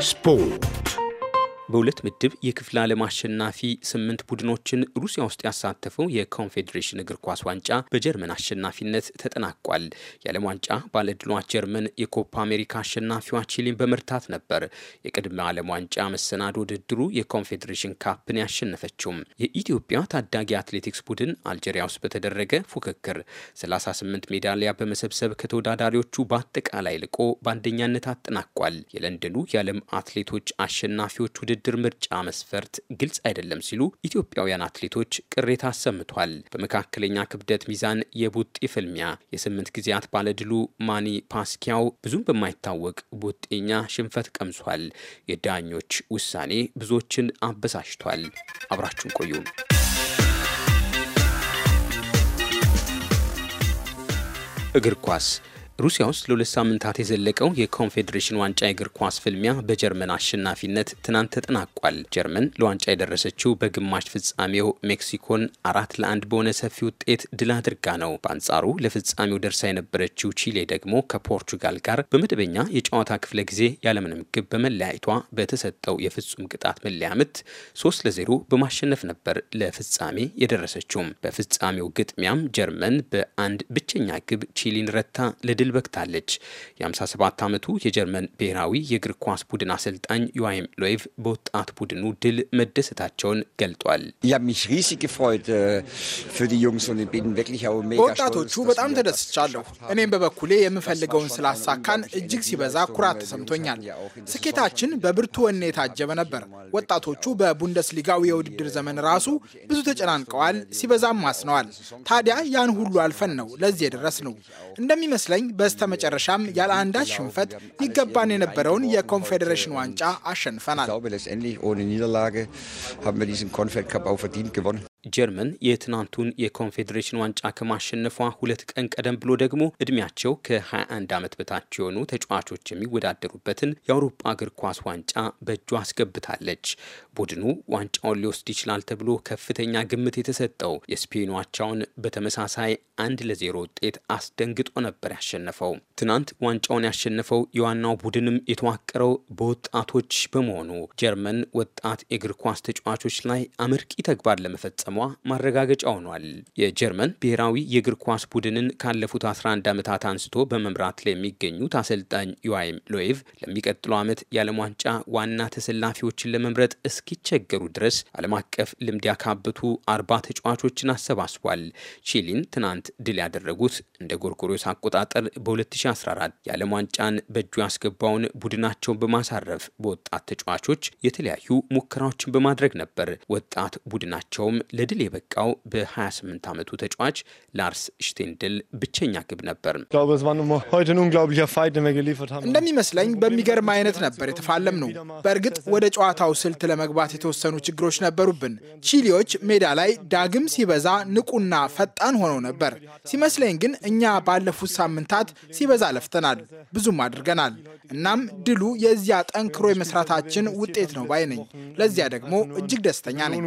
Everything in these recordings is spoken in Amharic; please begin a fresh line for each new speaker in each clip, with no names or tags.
Sport. በሁለት ምድብ የክፍለ ዓለም አሸናፊ ስምንት ቡድኖችን ሩሲያ ውስጥ ያሳተፈው የኮንፌዴሬሽን እግር ኳስ ዋንጫ በጀርመን አሸናፊነት ተጠናቋል። የዓለም ዋንጫ ባለድሏ ጀርመን የኮፓ አሜሪካ አሸናፊዋ ቺሊን በመርታት ነበር የቅድመ ዓለም ዋንጫ መሰናዶ ውድድሩ የኮንፌዴሬሽን ካፕን ያሸነፈችውም። የኢትዮጵያ ታዳጊ አትሌቲክስ ቡድን አልጄሪያ ውስጥ በተደረገ ፉክክር 38 ሜዳሊያ በመሰብሰብ ከተወዳዳሪዎቹ በአጠቃላይ ልቆ በአንደኛነት አጠናቋል። የለንደኑ የዓለም አትሌቶች አሸናፊዎች ውድድ የውድድር ምርጫ መስፈርት ግልጽ አይደለም ሲሉ ኢትዮጵያውያን አትሌቶች ቅሬታ አሰምቷል። በመካከለኛ ክብደት ሚዛን የቡጢ ፍልሚያ የስምንት ጊዜያት ባለድሉ ማኒ ፓስኪያው ብዙም በማይታወቅ ቡጢኛ ሽንፈት ቀምሷል። የዳኞች ውሳኔ ብዙዎችን አበሳጭቷል። አብራችሁን ቆዩ። እግር ኳስ ሩሲያ ውስጥ ለሁለት ሳምንታት የዘለቀው የኮንፌዴሬሽን ዋንጫ የእግር ኳስ ፍልሚያ በጀርመን አሸናፊነት ትናንት ተጠናቋል። ጀርመን ለዋንጫ የደረሰችው በግማሽ ፍጻሜው ሜክሲኮን አራት ለአንድ በሆነ ሰፊ ውጤት ድል አድርጋ ነው። በአንጻሩ ለፍጻሜው ደርሳ የነበረችው ቺሌ ደግሞ ከፖርቹጋል ጋር በመደበኛ የጨዋታ ክፍለ ጊዜ ያለምንም ግብ በመለያየቷ በተሰጠው የፍጹም ቅጣት መለያ ምት ሶስት ለዜሮ በማሸነፍ ነበር ለፍጻሜ የደረሰችውም። በፍጻሜው ግጥሚያም ጀርመን በአንድ ብቸኛ ግብ ቺሊን ረታ ለድል ድል በክታለች የ የ57 ዓመቱ የጀርመን ብሔራዊ የእግር ኳስ ቡድን አሰልጣኝ ዮአይም ሎይቭ በወጣት ቡድኑ ድል መደሰታቸውን ገልጧል። äh, በወጣቶቹ በጣም ተደስቻለሁ። እኔም በበኩሌ የምፈልገውን ስላሳካን እጅግ ሲበዛ ኩራት ተሰምቶኛል። ስኬታችን በብርቱ ወኔ የታጀበ ነበር። ወጣቶቹ በቡንደስሊጋው የውድድር ዘመን ራሱ ብዙ ተጨናንቀዋል፣ ሲበዛም አስነዋል። ታዲያ ያን ሁሉ አልፈን ነው ለዚህ የደረስ ነው። እንደሚመስለኝ በስተመጨረሻም ያለ አንዳች ሽንፈት ይገባን የነበረውን የኮንፌዴሬሽን ዋንጫ አሸንፈናል። ጀርመን የትናንቱን የኮንፌዴሬሽን ዋንጫ ከማሸነፏ ሁለት ቀን ቀደም ብሎ ደግሞ እድሜያቸው ከ21 ዓመት በታች የሆኑ ተጫዋቾች የሚወዳደሩበትን የአውሮፓ እግር ኳስ ዋንጫ በእጇ አስገብታለች። ቡድኑ ዋንጫውን ሊወስድ ይችላል ተብሎ ከፍተኛ ግምት የተሰጠው የስፔኑ አቻውን በተመሳሳይ አንድ ለዜሮ ውጤት አስደንግጦ ነበር ያሸነፈው። ትናንት ዋንጫውን ያሸነፈው የዋናው ቡድንም የተዋቀረው በወጣቶች በመሆኑ ጀርመን ወጣት የእግር ኳስ ተጫዋቾች ላይ አመርቂ ተግባር ለመፈጸሙ ማረጋገጫ ሆኗል። የጀርመን ብሔራዊ የእግር ኳስ ቡድንን ካለፉት 11 ዓመታት አንስቶ በመምራት ላይ የሚገኙት አሰልጣኝ ዮዋይም ሎይቭ ለሚቀጥለው ዓመት የዓለም ዋንጫ ዋና ተሰላፊዎችን ለመምረጥ እስኪቸገሩ ድረስ ዓለም አቀፍ ልምድ ያካበቱ አርባ ተጫዋቾችን አሰባስቧል። ቺሊን ትናንት ድል ያደረጉት እንደ ጎርጎሮስ አቆጣጠር በ2014 የዓለም ዋንጫን በእጁ ያስገባውን ቡድናቸውን በማሳረፍ በወጣት ተጫዋቾች የተለያዩ ሙከራዎችን በማድረግ ነበር። ወጣት ቡድናቸውም ለድል የበቃው በ28 ዓመቱ ተጫዋች ላርስ ሽቴንድል ብቸኛ ግብ ነበር። እንደሚመስለኝ በሚገርም አይነት ነበር የተፋለም ነው። በእርግጥ ወደ ጨዋታው ስልት ለመግባት የተወሰኑ ችግሮች ነበሩብን። ቺሊዎች ሜዳ ላይ ዳግም ሲበዛ ንቁና ፈጣን ሆነው ነበር። ሲመስለኝ ግን እኛ ባለፉት ሳምንታት ሲበዛ ለፍተናል፣ ብዙም አድርገናል። እናም ድሉ የዚያ ጠንክሮ የመስራታችን ውጤት ነው ባይ ነኝ። ለዚያ ደግሞ እጅግ ደስተኛ ነኝ።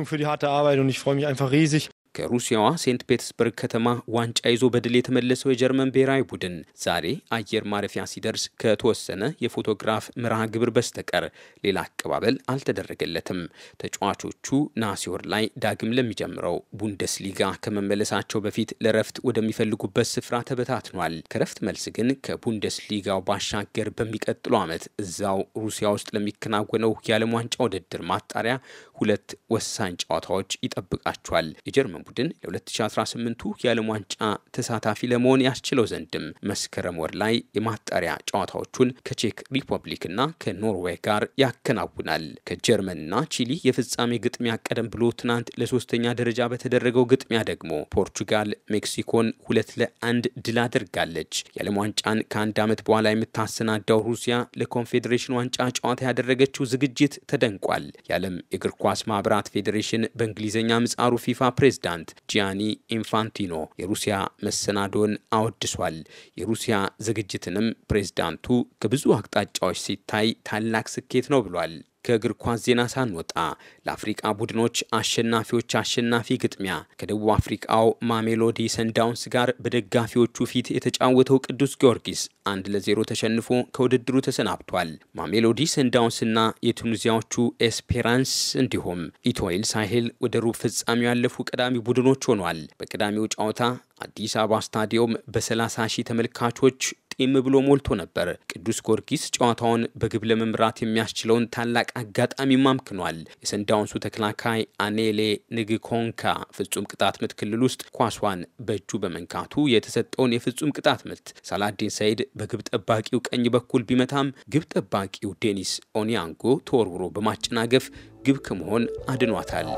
mich einfach riesig. ከሩሲያዋ ሴንት ፔተርስበርግ ከተማ ዋንጫ ይዞ በድል የተመለሰው የጀርመን ብሔራዊ ቡድን ዛሬ አየር ማረፊያ ሲደርስ ከተወሰነ የፎቶግራፍ መርሃ ግብር በስተቀር ሌላ አቀባበል አልተደረገለትም። ተጫዋቾቹ ነሐሴ ወር ላይ ዳግም ለሚጀምረው ቡንደስሊጋ ከመመለሳቸው በፊት ለረፍት ወደሚፈልጉበት ስፍራ ተበታትኗል። ከረፍት መልስ ግን ከቡንደስሊጋው ባሻገር በሚቀጥለው ዓመት እዛው ሩሲያ ውስጥ ለሚከናወነው የዓለም ዋንጫ ውድድር ማጣሪያ ሁለት ወሳኝ ጨዋታዎች ይጠብቃቸዋል። የጀርመን ቡድን ለ2018ቱ የዓለም ዋንጫ ተሳታፊ ለመሆን ያስችለው ዘንድም መስከረም ወር ላይ የማጣሪያ ጨዋታዎቹን ከቼክ ሪፐብሊክና ከኖርዌይ ጋር ያከናውናል። ከጀርመንና ቺሊ የፍጻሜ ግጥሚያ ቀደም ብሎ ትናንት ለሶስተኛ ደረጃ በተደረገው ግጥሚያ ደግሞ ፖርቹጋል ሜክሲኮን ሁለት ለአንድ ድል አድርጋለች። የዓለም ዋንጫን ከአንድ ዓመት በኋላ የምታሰናዳው ሩሲያ ለኮንፌዴሬሽን ዋንጫ ጨዋታ ያደረገችው ዝግጅት ተደንቋል። የዓለም እግር ኳስ ማህበራት ፌዴሬሽን በእንግሊዝኛ ምጻሩ ፊፋ ፕሬዝዳንት ፕሬዚዳንት ጂያኒ ኢንፋንቲኖ የሩሲያ መሰናዶን አወድሷል። የሩሲያ ዝግጅትንም ፕሬዚዳንቱ ከብዙ አቅጣጫዎች ሲታይ ታላቅ ስኬት ነው ብሏል። ከእግር ኳስ ዜና ሳንወጣ ለአፍሪቃ ቡድኖች አሸናፊዎች አሸናፊ ግጥሚያ ከደቡብ አፍሪቃው ማሜሎዲ ሰንዳውንስ ጋር በደጋፊዎቹ ፊት የተጫወተው ቅዱስ ጊዮርጊስ አንድ ለዜሮ ተሸንፎ ከውድድሩ ተሰናብቷል። ማሜሎዲ ሰንዳውንስና የቱኒዚያዎቹ ኤስፔራንስ እንዲሁም ኢቶይል ሳሄል ወደ ሩብ ፍጻሜው ያለፉ ቀዳሚ ቡድኖች ሆኗል። በቀዳሚው ጨዋታ አዲስ አበባ ስታዲየም በ30 ሺህ ተመልካቾች ጢም ብሎ ሞልቶ ነበር። ቅዱስ ጊዮርጊስ ጨዋታውን በግብ ለመምራት የሚያስችለውን ታላቅ አጋጣሚ ማምክኗል። የሰንዳውንሱ ተከላካይ አኔሌ ንግኮንካ ፍጹም ቅጣት ምት ክልል ውስጥ ኳሷን በእጁ በመንካቱ የተሰጠውን የፍጹም ቅጣት ምት ሳላዲን ሰይድ በግብ ጠባቂው ቀኝ በኩል ቢመታም ግብ ጠባቂው ዴኒስ ኦኒያንጎ ተወርውሮ በማጨናገፍ ግብ ከመሆን አድኗታል።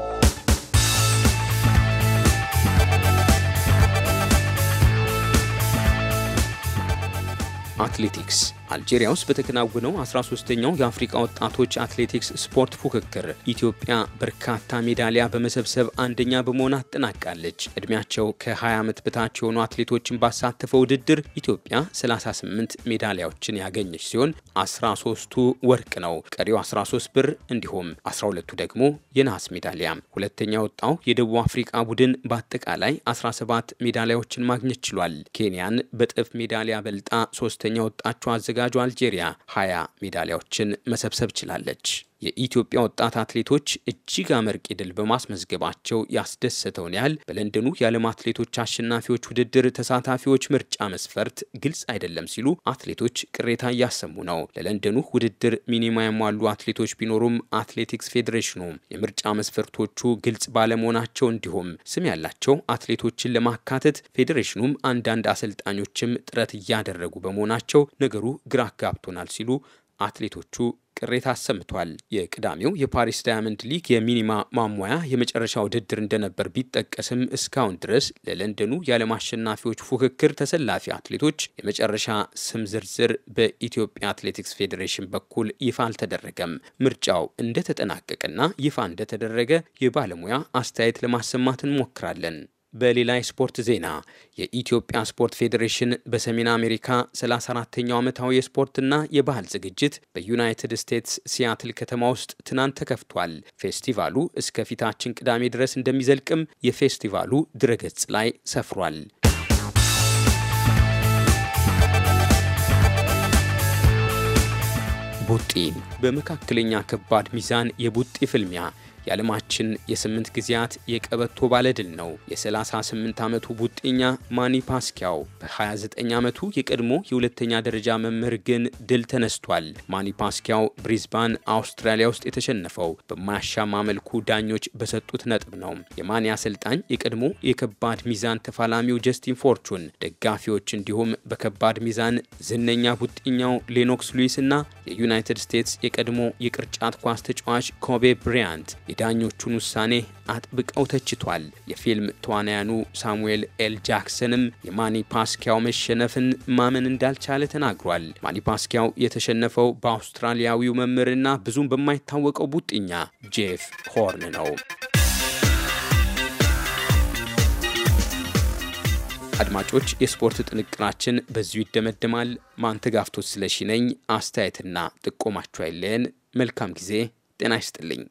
athletics. አልጄሪያ ውስጥ በተከናወነው 13ኛው የአፍሪካ ወጣቶች አትሌቲክስ ስፖርት ፉክክር ኢትዮጵያ በርካታ ሜዳሊያ በመሰብሰብ አንደኛ በመሆን አጠናቃለች። ዕድሜያቸው ከ20 ዓመት በታች የሆኑ አትሌቶችን ባሳተፈው ውድድር ኢትዮጵያ 38 ሜዳሊያዎችን ያገኘች ሲሆን 13ቱ ወርቅ ነው፣ ቀሪው 13 ብር እንዲሁም 12ቱ ደግሞ የነሐስ ሜዳሊያ። ሁለተኛ የወጣው የደቡብ አፍሪካ ቡድን በአጠቃላይ 17 ሜዳሊያዎችን ማግኘት ችሏል። ኬንያን በጥፍ ሜዳሊያ በልጣ ሶስተኛ ወጣቸው አዘጋ ተዘጋጁ አልጄሪያ 20 ሜዳሊያዎችን መሰብሰብ ችላለች። የኢትዮጵያ ወጣት አትሌቶች እጅግ አመርቂ ድል በማስመዝገባቸው ያስደሰተውን ያህል በለንደኑ የዓለም አትሌቶች አሸናፊዎች ውድድር ተሳታፊዎች ምርጫ መስፈርት ግልጽ አይደለም ሲሉ አትሌቶች ቅሬታ እያሰሙ ነው። ለለንደኑ ውድድር ሚኒማ ያሟሉ አትሌቶች ቢኖሩም አትሌቲክስ ፌዴሬሽኑ የምርጫ መስፈርቶቹ ግልጽ ባለመሆናቸው እንዲሁም ስም ያላቸው አትሌቶችን ለማካተት ፌዴሬሽኑም አንዳንድ አሰልጣኞችም ጥረት እያደረጉ በመሆናቸው ነገሩ ግራ ጋብቶናል ሲሉ አትሌቶቹ ቅሬታ አሰምቷል። የቅዳሜው የፓሪስ ዳያመንድ ሊግ የሚኒማ ማሟያ የመጨረሻ ውድድር እንደነበር ቢጠቀስም እስካሁን ድረስ ለለንደኑ የዓለም አሸናፊዎች ፉክክር ተሰላፊ አትሌቶች የመጨረሻ ስም ዝርዝር በኢትዮጵያ አትሌቲክስ ፌዴሬሽን በኩል ይፋ አልተደረገም። ምርጫው እንደተጠናቀቀና ይፋ እንደተደረገ የባለሙያ አስተያየት ለማሰማት እንሞክራለን። በሌላ የስፖርት ዜና የኢትዮጵያ ስፖርት ፌዴሬሽን በሰሜን አሜሪካ 34ተኛው ዓመታዊ የስፖርትና የባህል ዝግጅት በዩናይትድ ስቴትስ ሲያትል ከተማ ውስጥ ትናንት ተከፍቷል። ፌስቲቫሉ እስከ ፊታችን ቅዳሜ ድረስ እንደሚዘልቅም የፌስቲቫሉ ድረገጽ ላይ ሰፍሯል። ቡጢ በመካከለኛ ከባድ ሚዛን የቡጢ ፍልሚያ የዓለማችን የስምንት ጊዜያት የቀበቶ ባለድል ነው። የ38 ዓመቱ ቡጤኛ ማኒ ፓስኪያው በ29 ዓመቱ የቀድሞ የሁለተኛ ደረጃ መምህር ግን ድል ተነስቷል። ማኒ ፓስኪያው ብሪዝባን አውስትራሊያ ውስጥ የተሸነፈው በማያሻማ መልኩ ዳኞች በሰጡት ነጥብ ነው። የማኒ አሰልጣኝ የቀድሞ የከባድ ሚዛን ተፋላሚው ጀስቲን ፎርቹን ደጋፊዎች እንዲሁም በከባድ ሚዛን ዝነኛ ቡጢኛው ሌኖክስ ሉዊስ እና የዩናይትድ ስቴትስ የቀድሞ የቅርጫት ኳስ ተጫዋች ኮቤ ብሪያንት የዳኞቹን ውሳኔ አጥብቀው ተችቷል። የፊልም ተዋናያኑ ሳሙኤል ኤል ጃክሰንም የማኒ ፓስኪያው መሸነፍን ማመን እንዳልቻለ ተናግሯል። ማኒ ፓስኪያው የተሸነፈው በአውስትራሊያዊው መምህርና ብዙም በማይታወቀው ቡጥኛ ጄፍ ሆርን ነው። አድማጮች፣ የስፖርት ጥንቅራችን በዚሁ ይደመድማል። ማንተጋፍቶት ስለሺ ነኝ። አስተያየትና ጥቆማችሁ አይለየን። መልካም ጊዜ። ጤና ይስጥልኝ።